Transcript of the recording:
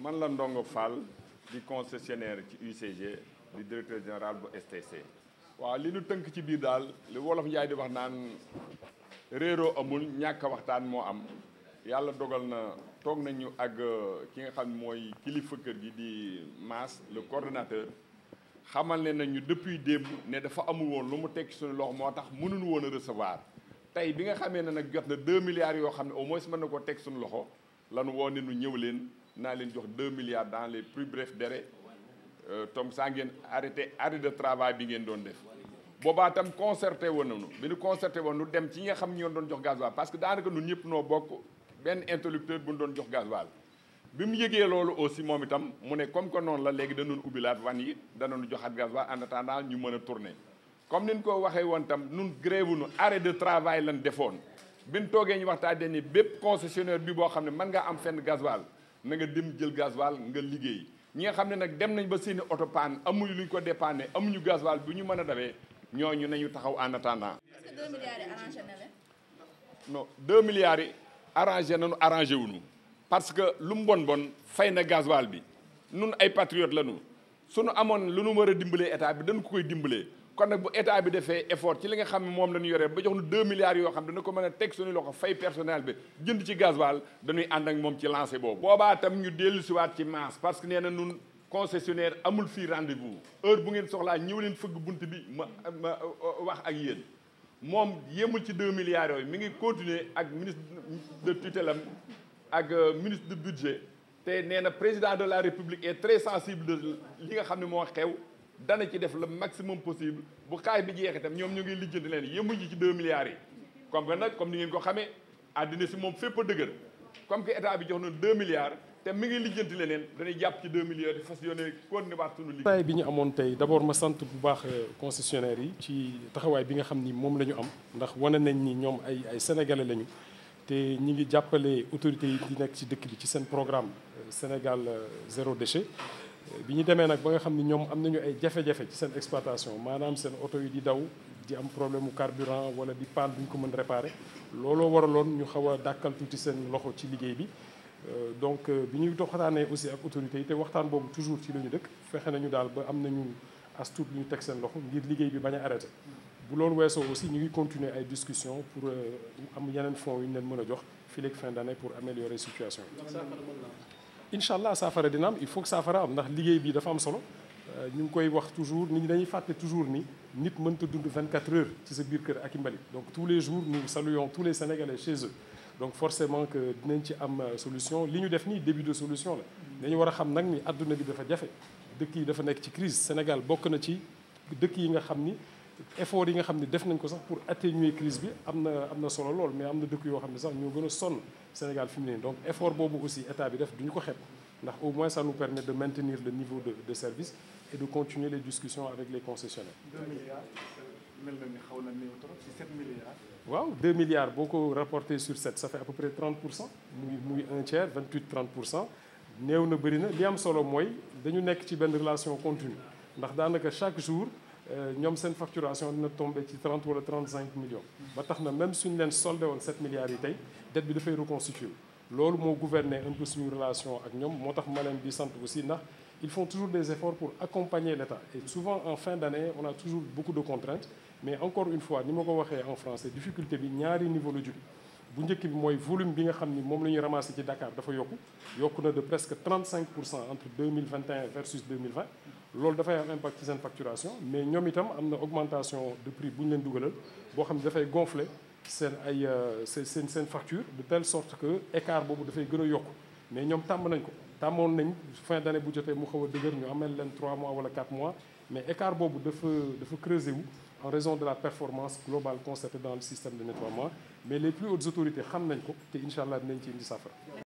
man la Ndongo Fall di concessionnaire ci UCG di directeur général bu STC. waaw li nu tënk ci biir daal li wolof Njaay di wax naan réeroo amul ñàkk waxtaan moo am yàlla dogal na toog nañu ak euh, ki nga xam mooy kilifa kër gi di Mass le coordonnateur. xamal ne nañu depuis démb ne dafa amul woon lu mu tekki suñu loxo moo tax mënuñu woon a tey bi nga xamee ne nag jot na 2 milliards yoo xam ne au moins mën na koo teg suñu loxo lanu woo ne nu ñëw leen naa leen jox deux milliards dans les plus brefs délais euh, tom saa ngeen arrêté arrêt de travail bi ngeen doon def boobaa tam concerté woon nañu bi ñu concerté woon nu dem ci ñi nga xam ñoo doon jox gasoil parce que daanaka ñun ñëpp noo bokk benn interlocuteur bu ñu doon jox gasoil bi mu yëgee loolu aussi moom itam mu ne comme que noonu la léegi danoon ubbilaat van yi danoon joxaat gasoil en attendant ñu mën a tourner comme ni ñu ko waxee woon tam nun grève nu arrêt de travail lan defoon bi ñu toogee ñu waxtaan ne bépp concessionnaire bi boo xam ne mën nga am fenn gasoil na nga dem jël gasoil nga liggéey ñi nga xam ne nag dem nañ ba seeni oto paan amuñu ñu ko dépanne amuñu gasoil bu ñu mën a dawee ñu nañu taxaw en attendant. est-ce milliards yi arrangé na leen. non arrangé nañu arrangé parce que lu mu bon bon fay na gasoil bi nun ay patriotes su nu amoon lu nu war a dimbalee état bi dañ ko koy dimbalee. kon nag bu état bi defee effort ci li nga xam ne moom la yore ba jox nu deux milliards yoo xam dana ko mën a teg suñu loxo fay personnel bi jënd ci gasoil dañuy ànd ak moom ci lancé boobu. boobaa tam ñu dellu siwaat ci masse parce que nee na nun concessionnaire amul fii rendez-vous heure bu ngeen soxlaa ñëw leen fëgg bunt bi ma ma uh, wax ak yéen moom yemul ci deux milliards yooyu mi ngi continuer ak ministre de tutelle am ak euh, ministre du budget te nee na président de la république est très sensible de li xam ne moo xew. dana ci def le maximum possible bu xaay bi jeexee itam ñoom ñu ngi lijjanti leen yemuñ ci deux milliards yi comme que nag comme ni ngeen ko xamee àddina si moom fépp a dëgër comme que état bi jox na deux milliards te mi ngi lijjanti leneen dañuy jàpp ci deux milliards di fas yónnee continuer waat sunu liggéey bi ñu amoon tey d'abord ma sant bu baax euh, concessionnaire yi ci taxawaay bi nga xam ni moom la ñu am ndax wane nañ ni ñoom ay ay sénégalais lañu te ñi ngi jàppale autorité yi di nekk ci dëkk bi ci seen programme euh, Sénégal euh, zéro déchet bi ñu demee nag ba nga xam ni ñoom am nañu ay jafe-jafe ci seen exploitation maanaam seen oto yi di daw di am problème mu carburant wala di panne duñ ko mën réparer looloo waraloon ñu xaw a dàkkal tuuti seen loxo ci liggéey bi. Euh, donc euh, bi ñuy doxataanee aussi ak autorités yi te waxtaan boobu toujours ci la ñu dëkk fexe nañu daal ba am nañu as tuut lu ñu teg seen loxo ngir liggéey bi bañ a arrêté. bu loolu weesoo aussi ñu ngi continuer ay discussion pour euh, am yeneen fonds yu a jox fii léegi fin d'année pour améliorer situation bi. incha allah saafara dina il faut que saafara am ndax liggéey bi dafa am solo euh, ñu ngi koy wax toujours nit ñi dañuy fàtte toujours ni nit mënta dund 24 heures ci sa biir kër ak i mbalit donc tous les jours nous saluons tous les Sénégalais chez eux donc forcément que dinañ ci am euh, solution li ñu def nii début de solution la dañu war a xam nag ni àdduna bi dafa jafe dëkk yi dafa nekk ci crise Sénégal bokk na ci dëkk yi nga xam ni effort yi nga xam ne def nañ ko sax pour atténuer crise bi am na am na solo lool mais am na dëkk yoo xam ne sax ñoo gën a sonn Sénégal fi mu ne donc effort boobu aussi état bi def duñu ko xeeb ndax au moins ça nous permet de maintenir le niveau de de service et de continuer les discussions avec les concessionnaires. na ni xaw na néew trop ci 7 waaw 2 milliards boo ko rapporté sur 7 ça fait à peu près 30 pour cent muy muy un tiers 28 30 na bëri na li am solo mooy dañu nekk ci benn relation continue ndax daanaka chaque jour. Euh, ñoom seen facturation dina tombé ci 30 wala cinq millions. ba tax na même suñ leen soldé woon 7 milliards yi tey dette bi dafay reconstitué loolu moo gouverner un peu suñu relation ak ñoom moo tax ma leen di sant aussi ndax ils font toujours des efforts pour accompagner l'État et souvent en fin d'année on a toujours beaucoup de contraintes mais encore une fois ni ma ko waxee en français difficulté bi ñaari niveau la jóge bu njëkk bi mooy volume bi nga xam ni moom la ñuy ramassé ci Dakar dafa yokku yokku na de presque 35 pour cent entre 2021 versus 2020 lool dafay am impact ci seen facturation mais ñoom itam am na augmentation de prix bu ñu leen dugalal boo xam ne dafay gonfler seen ay euh, seen seen facture de telle sorte que écart boobu dafay gën a yokku mais ñoom tàmm nañ ko tàmmoon nañ fin d'année bu jotee mu xaw a dëgër ñu amel leen 3 mois wala 4 mois mais écart boobu dafa dafa creuser wu en raison de la performance globale constatée dans le système de nettoiement mais les plus hautes autorités xam nañ ko te incha allah dinañ ci indi saafara